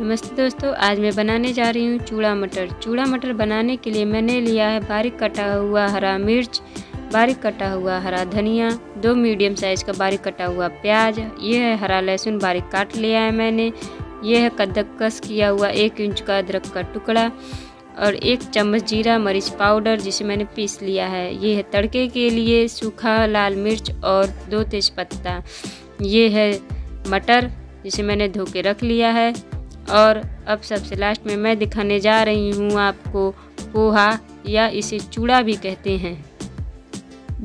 नमस्ते दोस्तों आज मैं बनाने जा रही हूँ चूड़ा मटर चूड़ा मटर बनाने के लिए मैंने लिया है बारीक कटा हुआ हरा मिर्च बारीक कटा हुआ हरा धनिया दो मीडियम साइज़ का बारीक कटा हुआ प्याज ये है हरा लहसुन बारीक काट लिया है मैंने ये है कद्दकस किया हुआ एक इंच का अदरक का टुकड़ा और एक चम्मच जीरा मरीच पाउडर जिसे मैंने पीस लिया है ये है तड़के के लिए सूखा लाल मिर्च और दो तेज पत्ता ये है मटर जिसे मैंने धो के रख लिया है और अब सबसे लास्ट में मैं दिखाने जा रही हूँ आपको पोहा या इसे चूड़ा भी कहते हैं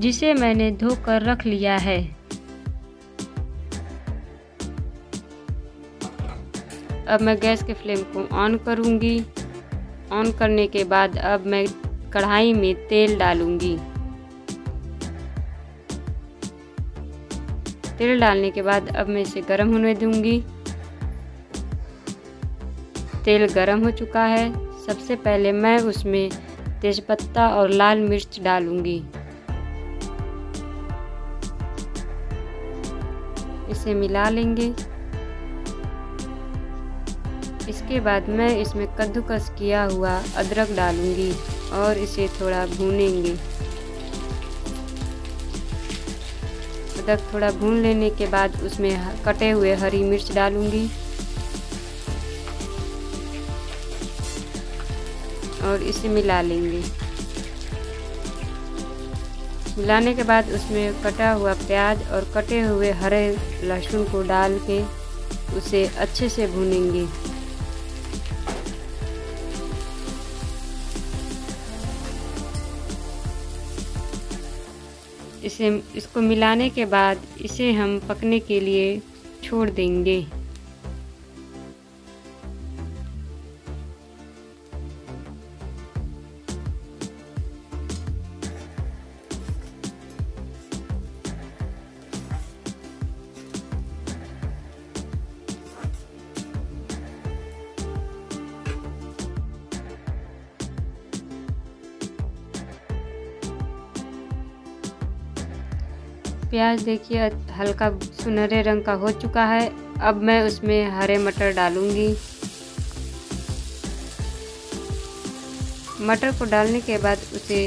जिसे मैंने धोकर रख लिया है अब मैं गैस के फ्लेम को ऑन करूँगी ऑन करने के बाद अब मैं कढ़ाई में तेल डालूँगी तेल डालने के बाद अब मैं इसे गर्म होने दूँगी तेल गरम हो चुका है सबसे पहले मैं उसमें तेज़पत्ता और लाल मिर्च डालूंगी इसे मिला लेंगे इसके बाद मैं इसमें कद्दूकस किया हुआ अदरक डालूंगी और इसे थोड़ा भूनेंगे अदरक थोड़ा भून लेने के बाद उसमें कटे हुए हरी मिर्च डालूंगी और इसे मिला लेंगे मिलाने के बाद उसमें कटा हुआ प्याज और कटे हुए हरे लहसुन को डाल के उसे अच्छे से भूनेंगे इसे इसको मिलाने के बाद इसे हम पकने के लिए छोड़ देंगे प्याज देखिए हल्का सुनहरे रंग का हो चुका है अब मैं उसमें हरे मटर डालूंगी मटर को डालने के बाद उसे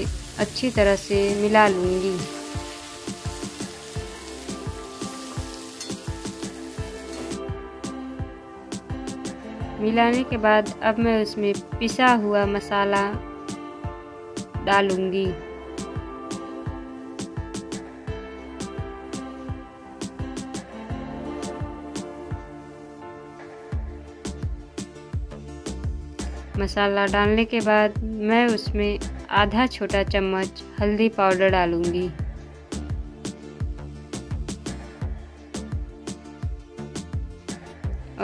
अच्छी तरह से मिला लूंगी मिलाने के बाद अब मैं उसमें पिसा हुआ मसाला डालूंगी मसाला डालने के बाद मैं उसमें आधा छोटा चम्मच हल्दी पाउडर डालूंगी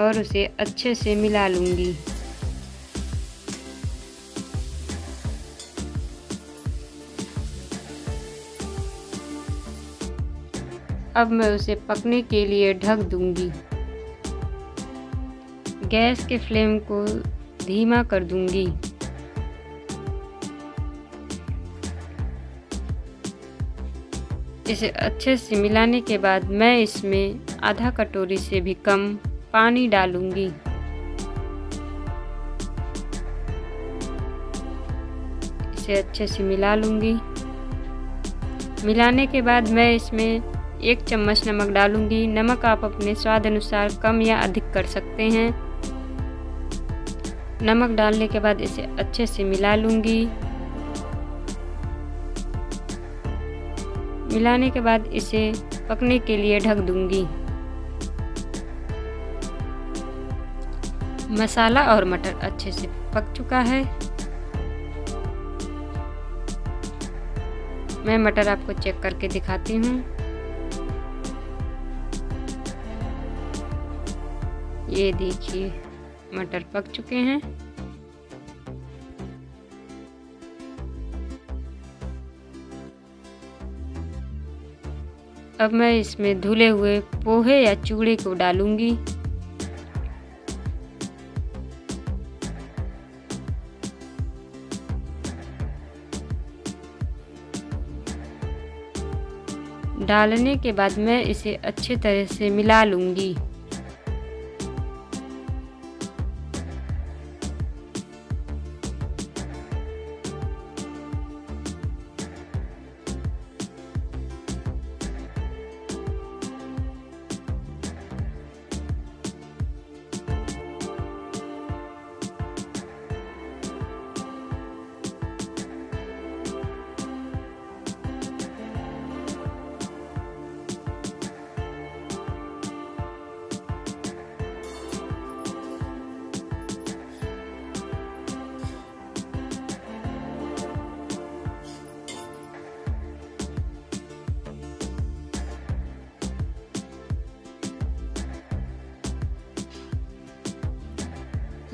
और उसे अच्छे से मिला लूंगी अब मैं उसे पकने के लिए ढक दूंगी गैस के फ्लेम को धीमा कर दूंगी इसे अच्छे से मिलाने के बाद मैं इसमें आधा कटोरी से भी कम पानी डालूंगी इसे अच्छे से मिला लूंगी मिलाने के बाद मैं इसमें एक चम्मच नमक डालूंगी नमक आप अपने स्वाद अनुसार कम या अधिक कर सकते हैं नमक डालने के बाद इसे अच्छे से मिला लूँगी मिलाने के बाद इसे पकने के लिए ढक दूंगी मसाला और मटर अच्छे से पक चुका है मैं मटर आपको चेक करके दिखाती हूँ ये देखिए मटर पक चुके हैं अब मैं इसमें धुले हुए पोहे या चूड़े को डालूंगी डालने के बाद मैं इसे अच्छे तरह से मिला लूंगी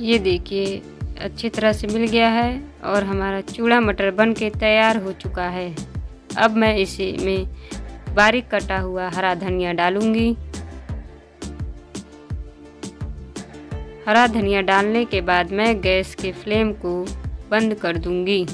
ये देखिए अच्छी तरह से मिल गया है और हमारा चूड़ा मटर बन के तैयार हो चुका है अब मैं इसे में बारीक कटा हुआ हरा धनिया डालूंगी हरा धनिया डालने के बाद मैं गैस के फ्लेम को बंद कर दूंगी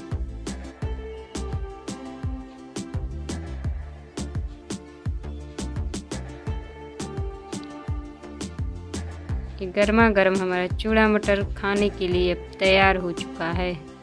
कि गर्मा गर्म हमारा चूड़ा मटर खाने के लिए अब तैयार हो चुका है